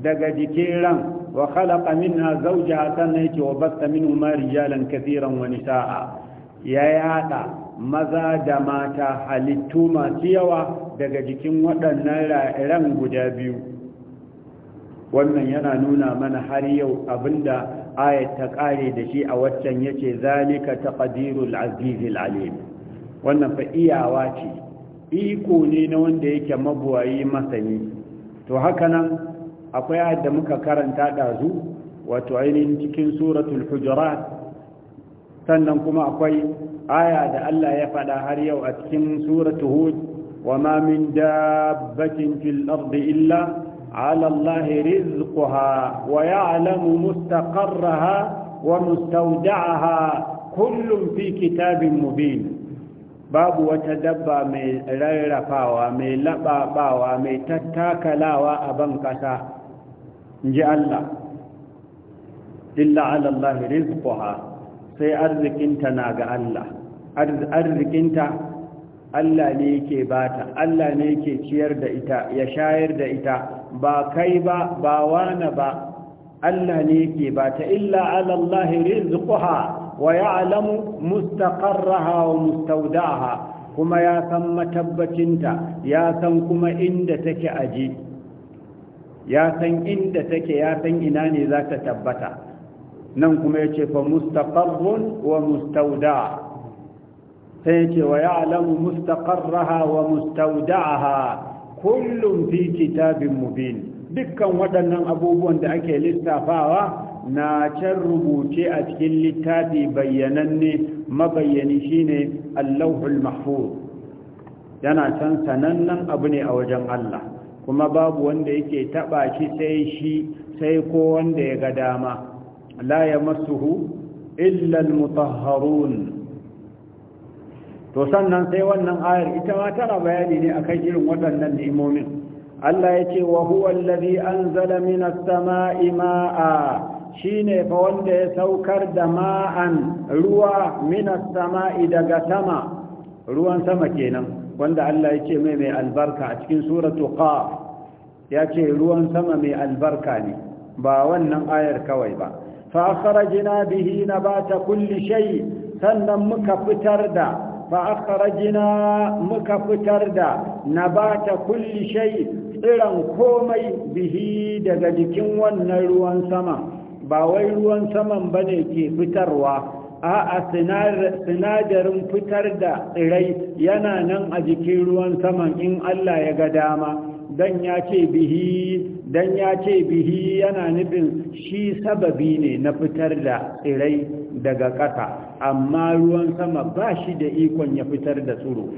daga jikin ran wa khalaqa minha zawjaha sannan yake wa basta minhu ma rijalan kathiran wa nisaa ya yada maza da mata halittu masu yawa daga jikin waɗannan ran guda biyu wannan yana nuna mana har yau abinda ayat ta kare da shi a waccan yace zalika taqdirul azizil alim wannan fa iyawa ce iko ne na wanda yake mabuwayi masani to haka nan akwai yadda muka karanta ɗazu wato ainihin cikin suratul hujurat sannan kuma akwai aya da Allah ya faɗa har yau a cikin suratul hud wa ma min dabbatin fil ardi illa ala allahi rizqaha wa ya'lamu mustaqarraha wa mustawda'aha kullum fi kitabin mubin babu wata dabba mai rarrafawa mai laɓaɓawa mai tattakalawa a ban ƙasa ji Allah illa alallahi rizquha sai arzikinta na ga Allah arzikinta Allah ne yake bata Allah ne yake ciyar da ita ya shayar da ita ba kai ba ba wani ba Allah ne yake bata illa alallahi rizquha wa ya'lamu mustaqarraha wa mustawda'aha kuma ya san matabbacinta ya san kuma inda take aje ya san inda take ya san ina ne za ta tabbata nan kuma ya ce fa mustaqarrun wa mustawda'a sai ya ce wa ya'lamu mustaqarraha wa mustawda'aha kullum fi kitabin mubin dukkan waɗannan abubuwan da ake lissafawa na can rubuce a cikin littafi bayyananne mabayyani shine allahul mahfuz yana can sanannen abu ne a wajen Allah kuma babu wanda yake taba shi sai shi sai ko wanda ya ga dama la yamassuhu illa almutahharun to sannan sai wannan ayar ita ma tana bayani ne akan irin waɗannan ni'imomin Allah ya ce wa huwa allazi anzala minas samaa'i ma'a shine fa wanda ya saukar da ma'an ruwa minas sama'i daga sama ruwan sama kenan wanda Allah ya ce mai mai albarka a cikin suratu qaf ya ce ruwan sama mai albarka ne ba wannan ayar kawai ba fa akhrajna bihi nabata kulli shay sannan muka fitar da na da nabata kulli shay tsiran komai bihi daga jikin wannan ruwan sama ba wai ruwan saman ba ne ke fitarwa a sinadarin fitar da tsirai yana nan a jikin ruwan saman in Allah ya ga dama dan ya ce bihi dan ya ce bihi yana nufin shi sababi ne na fitar da tsirai daga ƙasa amma ruwan sama ba shi da ikon ya fitar da tsuro.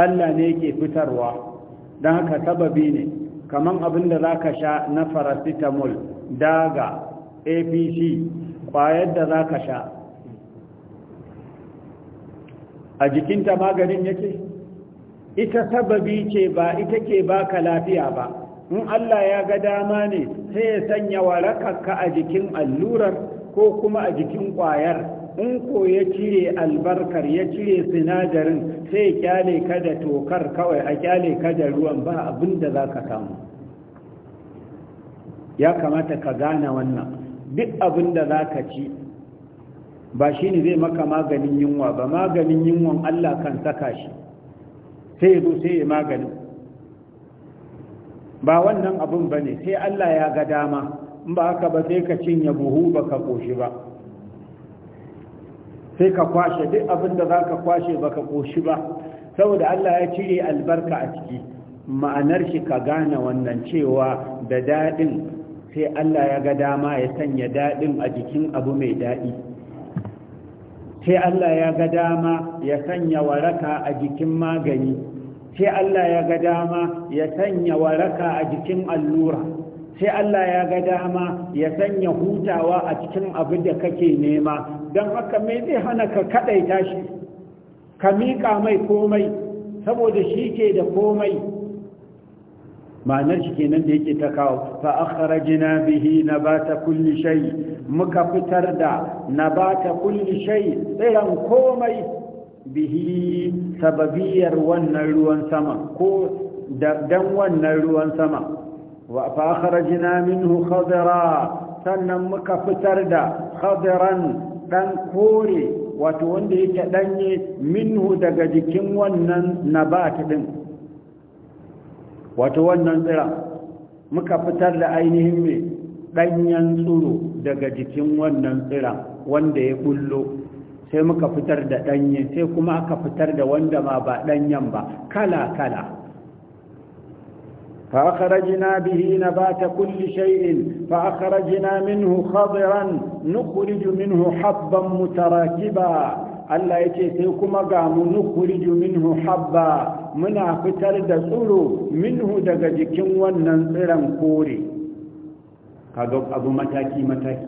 Allah ne ke fitarwa don haka sababi ne kaman abinda da za ka sha na farasitamol daga apc kwayar da za ka sha a jikinta maganin yake ita sababi ce ba ita ke baka lafiya ba in Allah ya ga dama ne sai ya sanya ka a jikin allurar ko kuma a jikin kwayar in ko ya cire albarkar ya cire sinadarin sai ya kyale ka da tokar kawai a kyale ka da ruwan ba abinda da za ka samu ya kamata ka gane wannan duk abin da za ka ci ba shi ne zai maka maganin yunwa ba maganin yunwan Allah kan saka shi sai ya zo sai ya maganin ba wannan abin ba ne sai Allah ya ga dama in ba haka ba sai ka cinye buhu ba ka ƙoshi ba sai ka kwashe duk abin da za ka kwashe ba ka ƙoshi ba saboda Allah ya cire albarka a ciki ma'anar shi ka gane wannan cewa da daɗin sai Allah ya ga dama ya sanya daɗin a jikin abu mai daɗi sai Allah ya ga dama ya sanya waraka a jikin magani sai Allah ya ga dama ya sanya waraka a jikin allura sai Allah ya ga dama ya sanya hutawa a cikin abu da kake nema don haka mai zai hana ka kaɗaita shi ka miƙa mai komai saboda shi ke da komai ma'anar shi kenan da yake ta kawo fa jina bihi na ba ta kulli shai, muka fitar da na ba ta kulli shai tsiran komai bihi sababiyar wannan ruwan sama ko dan wannan ruwan sama wa fa akhrajna minhu khadra sannan muka fitar da khadran dan kore wato wanda yake danye minhu daga jikin wannan nabat din wato wannan tsira muka fitar da ainihin mai ɗanyen tsuro daga jikin wannan tsira wanda ya bullo sai muka fitar da ɗanyen, sai kuma aka fitar da wanda ma ba ɗanyen ba kala-kala فأخرجنا به نبات كل شيء فأخرجنا منه خضرا نخرج منه حبا متراكبا ألا يتيسيكم قام نخرج منه حبا muna fitar da tsiro minhu daga jikin wannan tsiran kore kaga abu mataki-mataki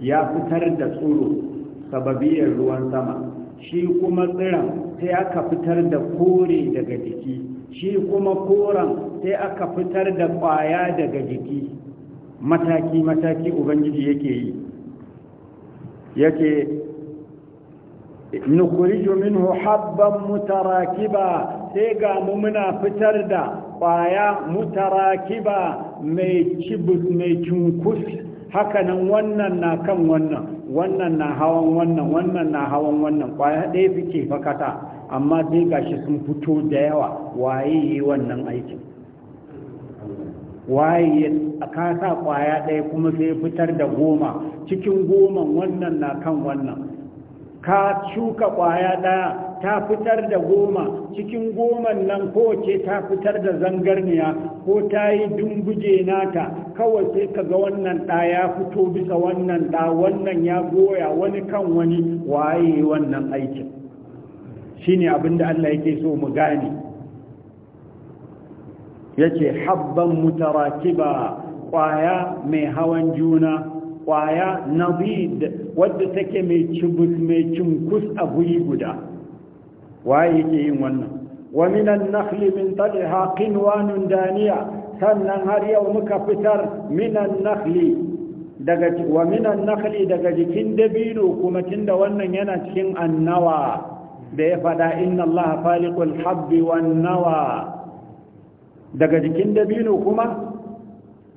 ya fitar da tsuro sababiyar ruwan sama shi kuma tsiran sai aka fitar da kore daga jiki shi kuma koren sai aka fitar da ƙwaya daga jiki mataki-mataki ubangiji yake yi yake nukurijo minhu habban mutarakiba sai ga mu muna fitar da ƙwaya mutarakiba mai cibus mai cunkus hakanan wannan na kan wannan wannan na hawan wannan wannan na hawan wannan ƙwaya ɗaya fike fakata amma sai gashi sun fito da yawa waye yi wannan aikin waye ka sa ƙwaya ɗaya kuma sai fitar da goma cikin goman wannan na kan wannan ka shuka ƙwaya ɗaya ta fitar da goma cikin goman nan kowace ta fitar da zangarniya ko ta yi dumbuje nata kawai sai ka ga wannan ɗa ya fito bisa wannan ɗa wannan ya goya wani kan wani waye wannan aikin shine abin da Allah yake so mu gane yace habban mutarakiba kwaya mai hawan juna kwaya nabid wadda take mai cinkus a guri guda waye yake yin wannan wa minan nakhli min talha qinwanun daniya sannan har yau muka fitar minan nakhli daga wa minan nakhli daga jikin dabino kuma tunda wannan yana cikin annawa da ya fada inna Allah faliqul habbi wan nawa daga jikin dabino kuma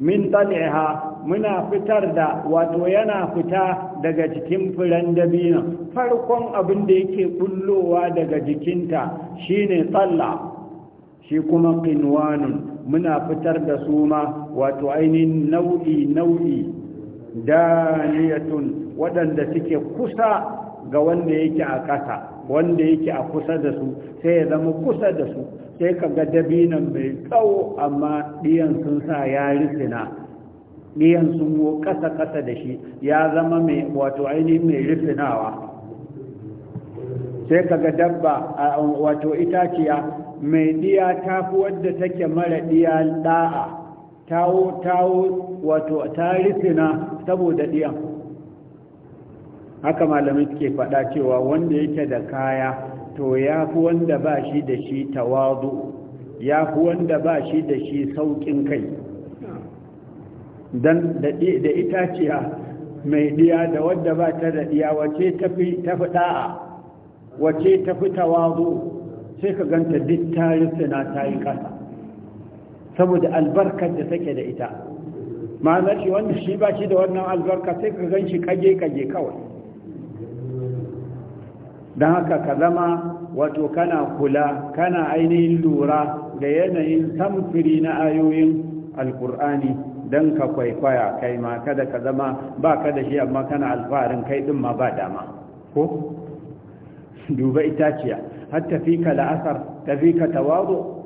min talha muna fitar da wato yana fita daga cikin furen dabina farkon abin da yake kullowa daga jikinta shine tsalla shi kuma qinwanun muna fitar da su ma wato ainihin nau'i nau'i daniyatun waɗanda suke kusa ga wanda yake a kasa, wanda yake a kusa da su sai ya zama kusa da su sai ka ga dabinan mai tsawo amma ɗiyan sun sa ya risina ɗiyan sun wo ƙasa-ƙasa da shi ya zama mai wato ainihin mai rufinawa sai kaga dabba wato itaciya mai ɗiya ta fi wadda take mara ɗiya ɗa'a ta wato ta rufina saboda ɗiyan haka malamai suke faɗa cewa wanda yake da kaya to ya fi wanda ba shi da shi tawazu ya fi wanda ba shi da shi sauƙin kai dan da itaciya mai diya da wadda ba ta da diya wace tafi tafi da'a wace tafi tawazu sai ka ganta duk tayi suna tayi kasa saboda albarkar da take da ita ma'ana shi wanda shi ba shi da wannan albarka sai ka gan shi kage kage kawai don haka ka zama wato kana kula kana ainihin lura da yanayin samfiri na ayoyin alkur'ani don ka kwaikwaya kai ma kada ka zama ba ka da shi amma kana alfaharin kai din ma ba dama ko duba itaciya hatta fi ka la'asar ta fi ka tawazo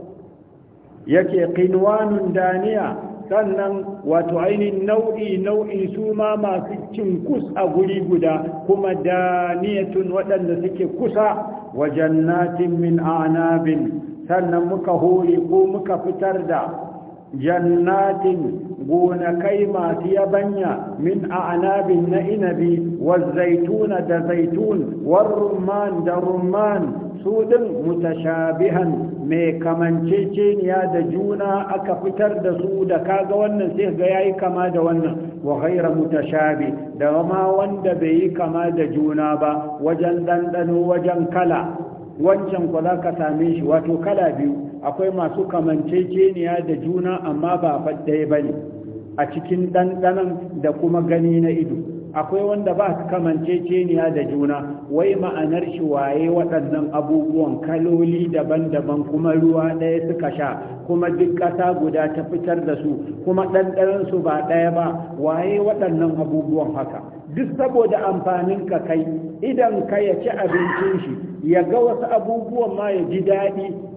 yake kinwanun daniya sannan wato ainihin nau'i nau'i su ma masu cin kus a guri guda kuma daniyatun waɗanda suke kusa wajen natin min anabin sannan muka hore ko muka fitar da jannatin gonakai masu yabanya min a'nabin na inabi wa zaituna da zaitun wa rumman da rumman su din mutashabihan mai kamanceceniya da juna aka fitar da su da kaga wannan sai ga yayi kama da wannan wa ghaira mutashabi da ma wanda bai yi kama da juna ba wajen dandano wajen kala wancan ku za ka same shi wato kala biyu akwai masu kamanceceniya da juna amma ba faɗaya ba ne a cikin ɗanɗanan da kuma gani na ido akwai wanda ba su kamanceceniya da juna wai ma'anar shi waye waɗannan abubuwan kaloli daban-daban kuma ruwa ɗaya suka sha kuma duk ƙasa guda ta fitar da su kuma ɗanɗanan su ba ɗaya ba waye waɗannan abubuwan haka duk saboda amfanin ka kai idan ka yaci ci abincin shi ya ga wasu abubuwan ma ya ji daɗi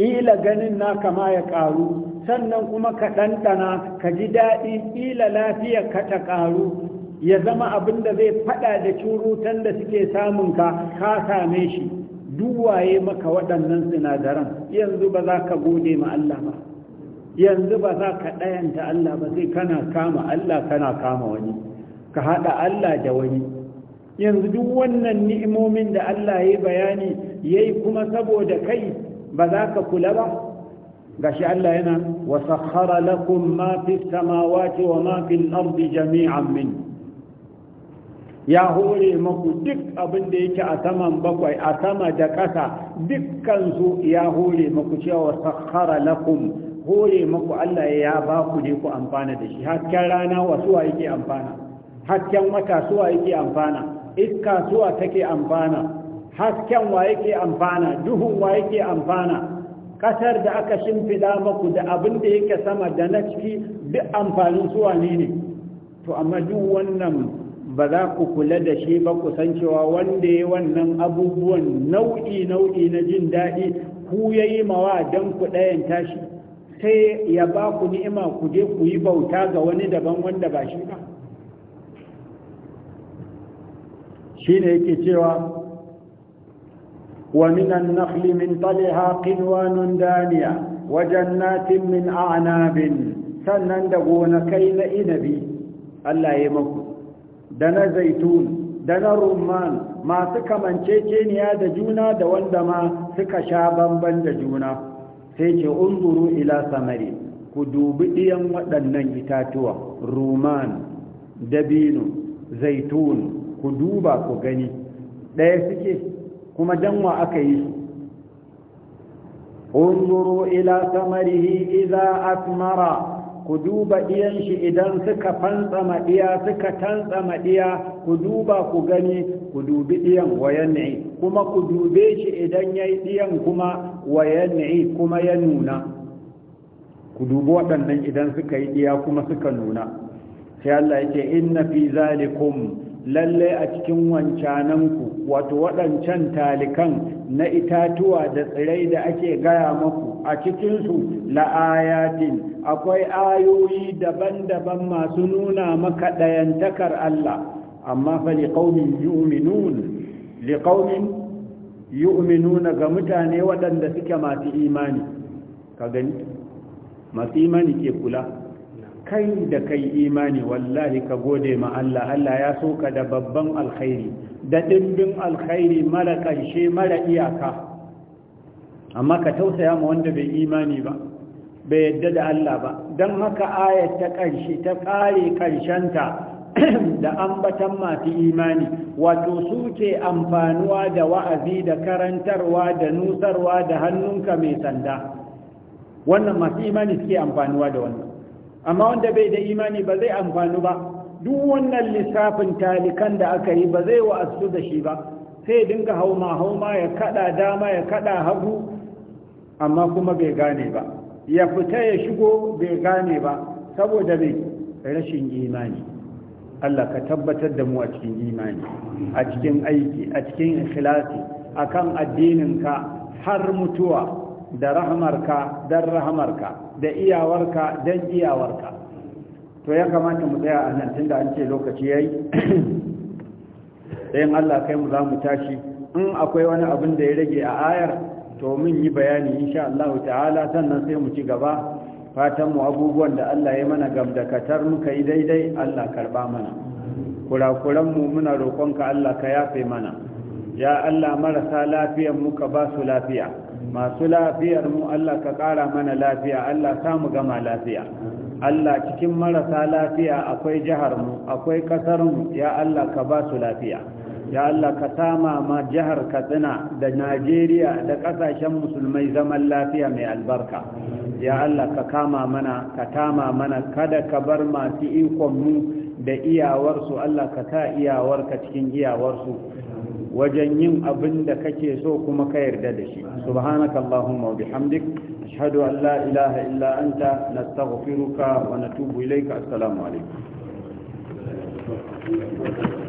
ƙila ganin na kama ya ƙaru sannan kuma ka ɗanɗana ka ji daɗi ƙila lafiya ka ta ƙaru ya zama abin da zai faɗa da curutan da suke samun ka ka same shi duwaye maka waɗannan sinadaran yanzu ba za ka gode ma Allah ba yanzu ba za ka ɗayanta Allah ba sai kana kama Allah kana kama wani ka haɗa Allah da wani yanzu duk wannan ni'imomin da Allah ya bayani yayi kuma saboda kai ba za ka kula ba gashi Allah yana wa sakhara lakum ma fi samawati wa ma fi al-ardi jami'an min ya hore maku duk abin da yake a saman bakwai a sama da ƙasa dukkan su ya hore maku cewa sakhara lakum hore maku Allah ya ba ku ne ku amfana da shi hasken rana wa suwa yake amfana hasken wata suwa yake amfana iska suwa take amfana hasken wa yake amfana duhun wa yake amfana kasar da aka shimfida maku da abin da yake sama da na ciki duk amfanin su ne ne to amma duk wannan ba za ku kula da shi ba ku san cewa wanda ya wannan abubuwan nau'i nau'i na jin daɗi ku ya yi mawa don ku ɗayan tashi sai ya ba ku ni'ima ku je ku yi bauta ga wani daban wanda ba shi ba shi ne yake cewa ومن النخل من طلعها قنوان دانية وجنات من أعناب سنندقون كين إنبي الله يمكو دنا زيتون دنا رمان ما سكا من تشيني هذا جونا دوان دما سكا شابا بند جونا سيجي انظروا إلى ثمري كدوب إيام ودنن إتاتوا رمان دبين زيتون كدوبا كغني ɗaya suke kuma danwa aka yi su unzuru ila samarihi idza asmara ku duba diyan shi idan suka fantsama madiya suka tantsama madiya ku duba ku gani ku dubi diyan wayanni kuma ku dube shi idan yayi diyan kuma wayanni kuma ya nuna ku dubi waɗannan idan suka yi diya kuma suka nuna sai Allah yake inna fi zalikum lalle a cikin wancananku wato waɗancan talikan na itatuwa da tsirai da ake gaya maku a cikinsu la'ayatin akwai ayoyi daban-daban masu nuna maka ɗayantakar Allah amma fa liqaumin yu'minun liqaumin yu'minun ga mutane waɗanda suke masu imani ka gani masu imani ke kula kai da kai imani wallahi ka gode ma Allah Allah ya so ka da babban alkhairi da dimbin alkhairi mara ƙarshe mara iyaka amma ka tausaya ma wanda bai imani ba bai yadda da Allah ba don haka ayat ta ƙarshe ta da ambatan masu imani wato su ke amfanuwa da wa'azi da karantarwa da nusarwa da hannunka mai sanda wannan masu imani suke amfanuwa da wannan amma wanda bai da imani ba zai amfanu ba duk wannan lissafin talikan da aka yi ba zai wa'astu da shi ba sai dinga hauma hauma ya kada dama ya kada hagu amma kuma bai gane ba ya fita ya shigo bai gane ba saboda bai rashin imani Allah ka tabbatar da mu a cikin imani a cikin aiki a cikin ikhlasi akan addininka har mutuwa da rahamarka don rahamarka da iyawarka don iyawarka to ya kamata mu tsaya a nan tunda an ce lokaci ya yi ɗayan allah kai mu za mu tashi in akwai wani abin da ya rage a ayar to mun yi bayani insha allahu ta'ala sannan sai mu ci gaba fatanmu abubuwan da allah ya mana gamdakatar muka yi daidai allah karba mana kurakuranmu muna roƙonka allah ka yafe mana ya allah marasa lafiyan muka ba su lafiya masu lafiyar mu Allah ka ƙara mana lafiya Allah sa mu gama lafiya Allah cikin marasa lafiya akwai jihar mu akwai ƙasar mu ya Allah ka ba su lafiya ya Allah ka sama ma jihar Katsina da Najeriya da ƙasashen musulmai zaman lafiya mai albarka ya Allah ka kama mana ka tama mana kada ka bar masu ikon mu da iyawarsu Allah ka ta iyawarka cikin iyawarsu wajen yin abin da kake so kuma ka yarda da shi subhanaka allahumma wa bihamdik ashhadu an la ilaha illa anta nastaghfiruka wa natubu ilayka assalamu alaikum